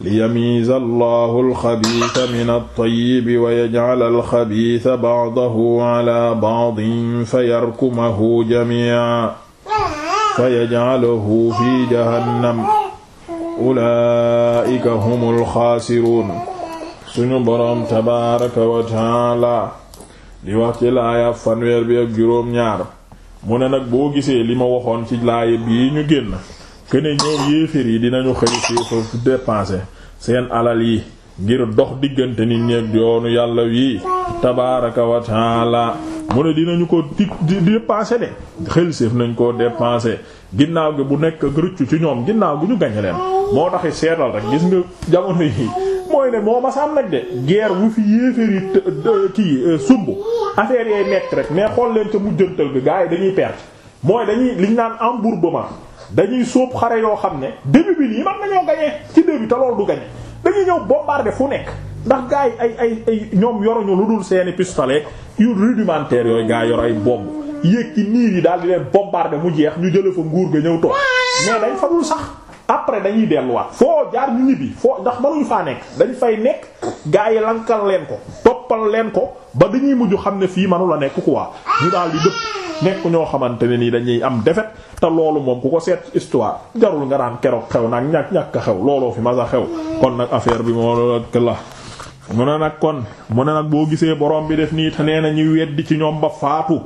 liyamiiza allahu alxabiisa min altayibi wa yajcala alxabiisa bacdahu cala bacdin fa yarkumahu jamiican fa yajcalahu fi jahannam ulaa'ika humul xaasiruun suñu boroom tabaaraka wa taala li wax ci laaya fanweer bi ak juróom ñaar mu ne nag boo gisee li ma waxoon ci laaya bii ñu génn que ne ñoom yéeféer yi dinañu xëy si dépenser seen alal yi ngir dox diggante ni ñeeg yoonu yàlla wii tabaaraka wa taala mu ne dinañu ko di dépenser de xëlséef nañ koo dépenser ginnaaw gi bu nekk rëccu ci ñoom ginnaaw gi ñu gañe leen moo taxi seetal rek gis nga jamono yi mooy ne moo masam nag de guerre bu fi yéeféer yi kii euh, sumb affaire yay nekk rek mais xool leen ca mujjantal bi gars yi dañuy perte mooy dañuy liñ naan embourbement dañuy sóob xare yoo xam ne début bi nii man nañoo gañee ci début te loolu du gañe dañuy ñëw bombarder fu nekk ndax gars yi ay ay ay ñoom yoruñu lu dul seeni pistolet yu rudimentaire yooyu gaa yor ay bomb yéeg ci niir yi daal di leen bombarder mu jeex ñu jële fa nguur ga ñëw toog mais dañ fa dul sax après dañuy delluwaat foo jaar ñu ñibbi foo ndax mënuñu faa nekk dañ fay nekk gars yi lankal leen ko noppal leen ko ba dañuy mujj xam ne fii manu la nekk quoi ñu daal di dëpp nekk ñoo xamante ne nii dañuy am defet te loolu moom ku ko seet histoire jarul nga daan keroog xew nag ñàkk ñàkk xew looloo fi masa xew kon nag affaire bi moo la mu ne nag kon mu ne nag boo gisee borom bi def nii te nee na ñuy weddi ci ñoom ba faatu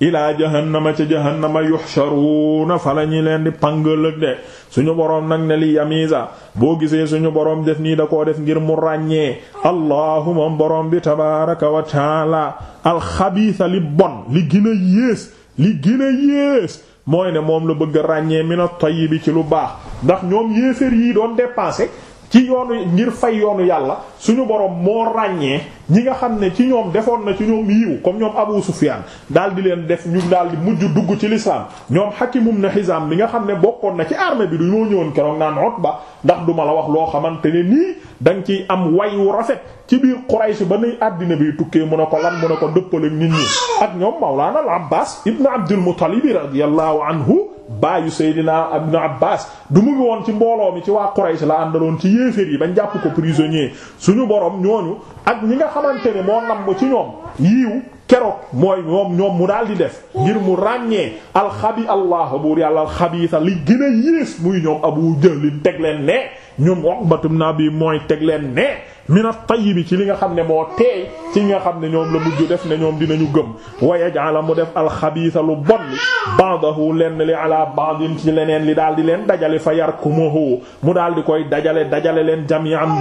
ilaa jahannama ca jahannama yuhsharuuna fa la ñi leen di pangalëg de suñu boroom nag ne li yamiza boo gisee suñu boroom def nii da koo def ngir mu ràññee allahuma boroom bi tabaraka wa taala alxabiisa li bon li gën a yées li gën a yées mooy ne moom la bëgg a ràññee mina tayyib bi ci lu baax ndax ñoom yéeféer yi doon dépenser ci yoonu ngir fay yoonu yàlla suñu borom moo ràññee ñi nga xam ne ci ñoom defoon na ci ñoom yiw comme ñoom Abu Sufyan daal di leen def ñu daal di mujj dugg ci lislaam ñoom Hakim na Hizam bi nga xam ne bokkoon na ci armée bi du ñoo ñëwoon keroog naan Utba ndax duma la wax loo xamante ne nii danga ciy am wayu rafet ci biir Quraysh ba nuy àddina bi tukkee mu ne ko lan mun a ko dëppale nit ñi ak ñoom Mawlana al-Abbas ibn Abdul Muttalib radiyallahu baayu Seydina Ibn Abbas du mu ngi woon ci mbooloo mi ci waa Quraysh la àndaloon ci yéeféer yi bañ jàpp ko prisonnier suñu borom ñooñu ak ñi nga xamante ne moo namb ci ñoom yiiw keroog mooy moom ñoom mu daal di def ngir mu ràññee alxabi allah buur yàlla alxabiisa li gën a yées muy ñoom Abu Jahl teg leen ne ñoom Uqbatum na bi mooy teg leen ne mina bi ci li nga xam ne moo teey ci nga xam ne ñoom la mujj def ne ñoom dinañu gëm wa yaj'ala mu def alxabiisa lu bon li ba'dahu lenn li ala ba'din ci leneen li daal di leen dajale fa yarkumuhu mu daal di koy dajale dajale leen jami'an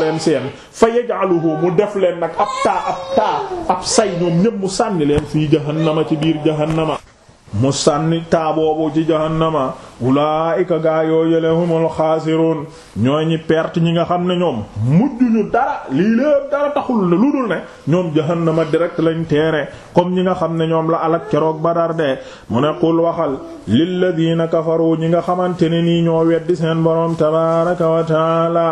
leen seen fa yaj'aluhu mu def leen nag ab taa ab taa ab say ñoom ñépp mu sànni leen fii jahannama ci biir jahannama mu sànni taa boobu ci jahannama ulaa'ika gaa yoo yële humul xaasiruun ñooy ñi perte ñi nga xam ne ñoom mujjuñu dara lii lépp dara taxul ne lu dul ne ñoom jahannama direct lañu teere comme ñi nga xam ne ñoom la alak keroog Badar de mu ne qul waxal lilladiina kafaru ñi nga xamante ne nii ñoo weddi seen boroom tabaaraka wa taala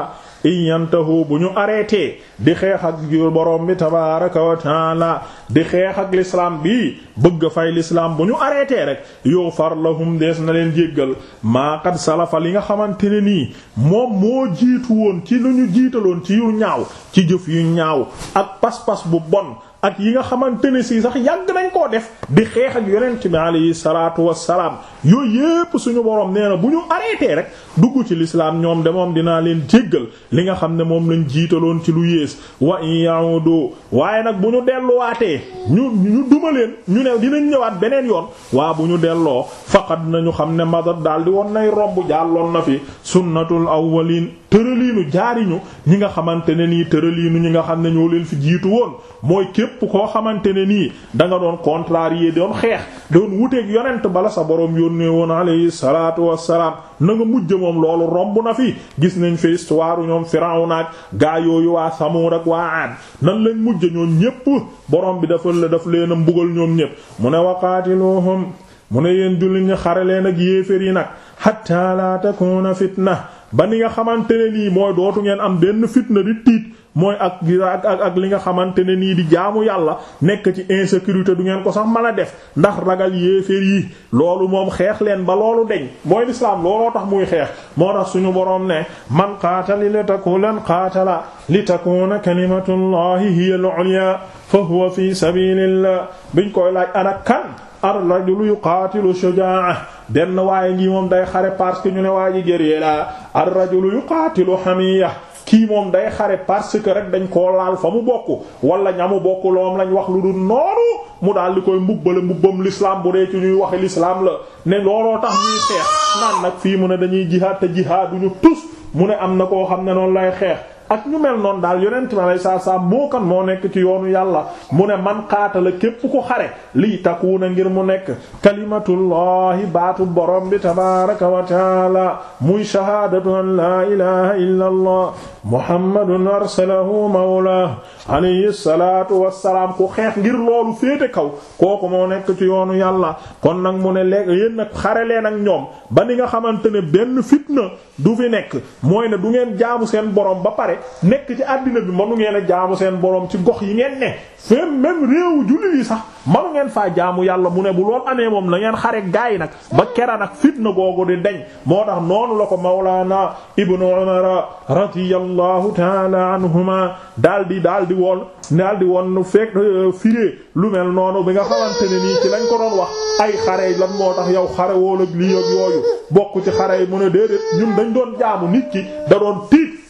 in yantahu bu ñu arrêté di xeex ak borom bi tabaraka wa di xeex ak lislaam bi bëgg fay l'islam bu ñu arrêté rek yughfar lahum dees na leen jéggal maa salafa li nga xamante ne nii moom moo jiitu woon ci lu ñu jiitaloon ci yu ñaaw ci jëf yu ñaaw ak pas-pas bu bon ak yi nga xamante ne sax yàgg nañ koo def di xeex ak yonent bi alayhi salaatu wassalaam yooyu yépp suñu borom nee na bu ñu arrêté rek dugg ci lislaam ñoom de moom dinaa leen jéggal li nga xam ne moom lañ jiitaloon ci lu yées wa in ya'udu waaye nag bu ñu delluwaatee ñu duma leen ñu ne dinañ ñëwaat beneen yoon waa bu ñu delloo faqad nañu xam ne madat daal di woon nay romb jàlloon na fi sunnatul awwalin tëraliinu jaariñu ñi nga xamante ne nii tëraliinu ñi nga xam ne ñoo leen fi jiitu woon mooy képp koo xamante ne nii da nga doon contrarier doon xeex doon wuteek yonent bala sa boroom yoon yónnee woon alayhi salaatu wassalaam na nga mujj moom loolu romb na fi gis nañ fi histoire ñoom Firawna ak gaa yooyu waa Samuud ak waa Aad nan lañ mujj ñoom ñépp borom bi dafa la daf leen a mbugal ñoom ñépp mu ne waqaatiluhum mu ne yéen jullit ñi xare leen ak yi nag hatta la takuna fitna ba ni nga xamante ne nii mooy dootu ngeen am benn fitna di tiit mooy ak ak ak li nga xamante ne nii di jaamu yàlla nekk ci insécurité du ngeen ko sax mën a def ndax ragal yéeféer yi loolu moom xeex leen ba loolu deñ mooy lislaam looloo tax muy xeex moo tax suñu boroom ne man qaatali li takulan qaatala li takuna kalimatullahi hiya al-ulya fa fi sabilillah biñ koy laaj ana kan ar rajulu yuqaatilu shujaa'a benn waaye ngi moom day xare parce ñu ne waa ji guerrier la ar rajulu yuqaatilu ya kii moom day xare parce que rek dañ koo laal fa mu bokk wala ñamu bokk loom lañu wax lu dul noonu mu daal di koy mbubbale mbubbam l'islam bu dee ci ñuy waxi l'islam la ne looloo tax ñuy xeex naan nag fii mu ne dañuy jihaad te jihaad duñu tus mu ne am na koo xam ne noonu lay xeex ak ñu mel noonu daal yonent mi alayhi salaatu salaam moo kan moo nekk ci yoonu yàlla mu ne man la képp ko xare lii takuuna ngir mu nekk kalimatullahi baatu borom bi tabaaraka wa taala muy shahaadatu an laa ilaha illa allah ku xeex ngir loolu féete kaw kooku moo nekk ci yoonu yàlla kon nag mu ne léegi yéen nag xare leen ak ñoom ba ni nga xamante ne benn fitna du fi nekk mooy ne du ngeen jaamu seen borom ba pare pare nekk ci àddina bi manu ngeen a jaamu seen borom ci gox yi ngeen ne fem même réew jullit yi sax manu faa jaamu yàlla mu ne bu lool amee moom na ngeen xare gaay nag ba kera nag fitna googu di deñ moo tax noonu la ko mawlaana ibnu umara radiyallahu taala anhuma daldi daldi woon daldi woon nu fekk euh, firee lu mel noonu bi nga xamante ne nii ci lañ ko doon wax ay xare lan moo tax yow xare woo ak lii yooyu bokk ci xare yi mu ne déedéet ñun dañ doon jaamu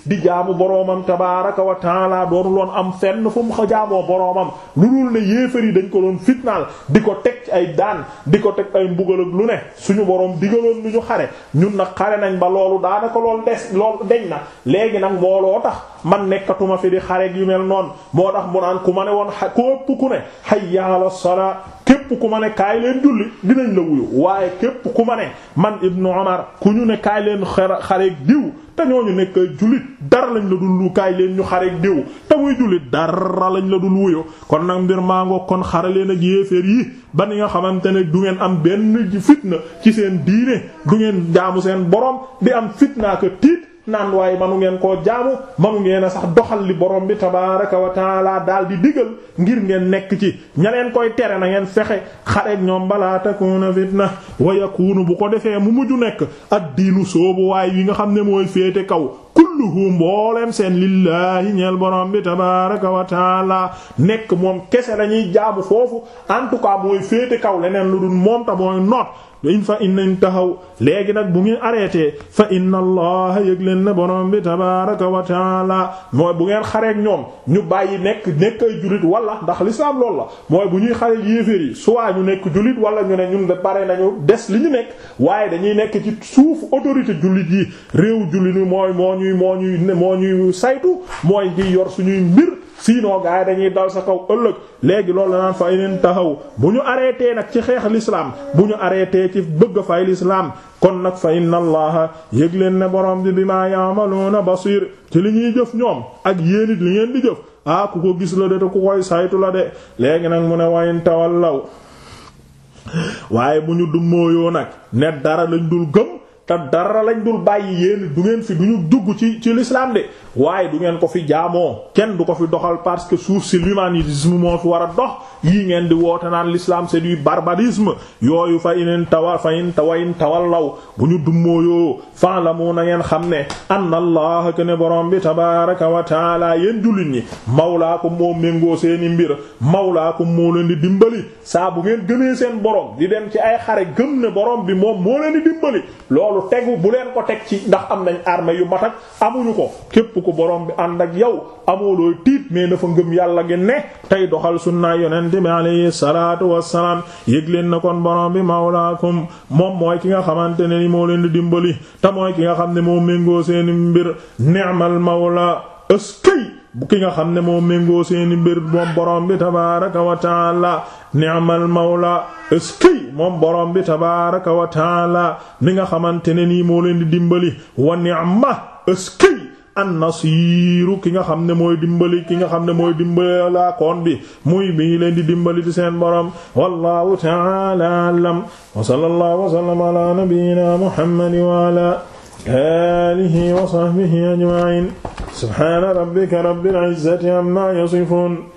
di jaamu boroomam tabaaraka wa taala doonu loon am fenn fu mu xa jaamoo boroomam lu dul ne yéefar yi dañ ko doon fitnaal di ko teg ci ay daan di ko teg ay mbugal ak lu ne suñu boroom digaloon lu ñu xare ñun nag xare nañ ba loolu daanaka lool des lool deñ na léegi nag mbooloo tax man nekkatuma fi di xare yu mel noonu moo tax mu naan ku ma ne woon xa ku ëpp ku ne hayya ala salaa képp ku ma ne kaay leen julli dinañ la wuyu waaye képp ku ma ne man Ibnu Umar ku ñu ne kaay leen xareeg diw te ñooñu nekk jullit dara lañ la dul lu ñu xareeg diw te muy jullit dara lañ la dul wuyu kon nag mbir maa ngoog kon xare leen ak yéeféer yi ba ni nga xamante ne du ngeen am benn fitna ci seen diine du ngeen jaamu seen borom bi am fitnaa ak tiit naan waaye manu ngeen koo jaamu manu ngeen a sax doxal li borom bi tabaaraka wa laa daal di digal ngir ngeen nekk ci ña leen koy tere na ngeen sexe xareek ñoom balaa takuna fitna wa yakunu bu ko defee mu mujju nekk ad diinu soobu waaye yi nga xam ne mooy féete kaw kulluhu mbooleem seen lillaahi ñeel borom bi tabaaraka wa nekk moom kese lañuy jaabu foofu en tout cas mooy féete kaw leneen lu dul moom ta mooy noot in fa innañ taxaw léegi nag bu ngeen arrêté fa inna allah yëg leen ne borom bi tabaaraka wa taala mooy bu ngeen xareek ñoom ñu bàyyi nekk nekk ay jullit wala ndax lislaam lool la mooy bu ñuy xareek yéeféer yi soit ñu nekk jullit wala ñu ne ñun de nañu des li ñu nekk waaye dañuy nekk ci suuf autorité jullit yi réew jullit yi mooy moo ñuy moo ñuy moo ñuy saytu mooy di yor suñuy mbir sinon gars yi dañuy dal sa kaw ëllëg léegi loolu la naan fa yeneen taxaw bu ñu arrêté nag ci xeex lislaam bu ñu arrêté ci bëgg fay l'islam kon nag fa inna allaha yëg leen ne borom bi bima ya'maluna basir ci li ñuy jëf ñoom ak yéen it li ngeen di jëf ah ku ko gis la de te ku koy saytu la de léegi nag mu ne wayin tawallaw waaye bu ñu dummóoyoo nag ne dara lañ dul gëm te dara lañ dul bàyyi yéen du ngeen fi du ñu dugg ci ci l'islam de waaye du ngeen ko fi jaamoo kenn du ko fi doxal parce que suuf si l'humanisme moo fi war a dox yii ngeen di woote naan l'islam c'est du barbarisme yooyu fa inen tawa fa in tawal tawallaw bu ñu dummóoyoo fan la mu na ngeen xam ne ann allah ke ne borom bi tabaraka wa taala yéen jullit ñi ko moo méngoo seeni mbir mawlaakum moo leen di dimbali saa bu ngeen gënee seen borom di dem ci ay xare gëm ne bi moom loolu tegu bu leen ko teg ci ndax am nañ armée yu mat ak amuñu ko képp ku borom bi ànd ak yow amoo looy tiit mais na fa ngëm yàlla gi ne tey doxal sunna yonent bi alayhi salaatu wassalaam yëg leen na kon borom bi mawlaakum moom mooy ki nga xamante ne ni moo leen di dimbali te mooy ki nga xam ne moo méngoo seeni mbir ni'mal mawla ëskay bu ki nga xam ne moo méngoo seeni mbir moom borom bi tabaaraka wa ta'aala mawla eskey moom borom bi tabaaraka wa taala mi nga xamante ne nii moo leen di dimbali wa ni'ma eskey annasiiru ki nga xam ne mooy dimbali ki nga xam ne mooy dimbali laa koon bi muy bi leen di dimbali di seen borom wallahu ta'ala a'lam wa sallallahu wa sallama ala nabiyyina muhammad wa ala alihi wa sahbihi ajma'in subhana rabbika rabbil izzati amma yasifun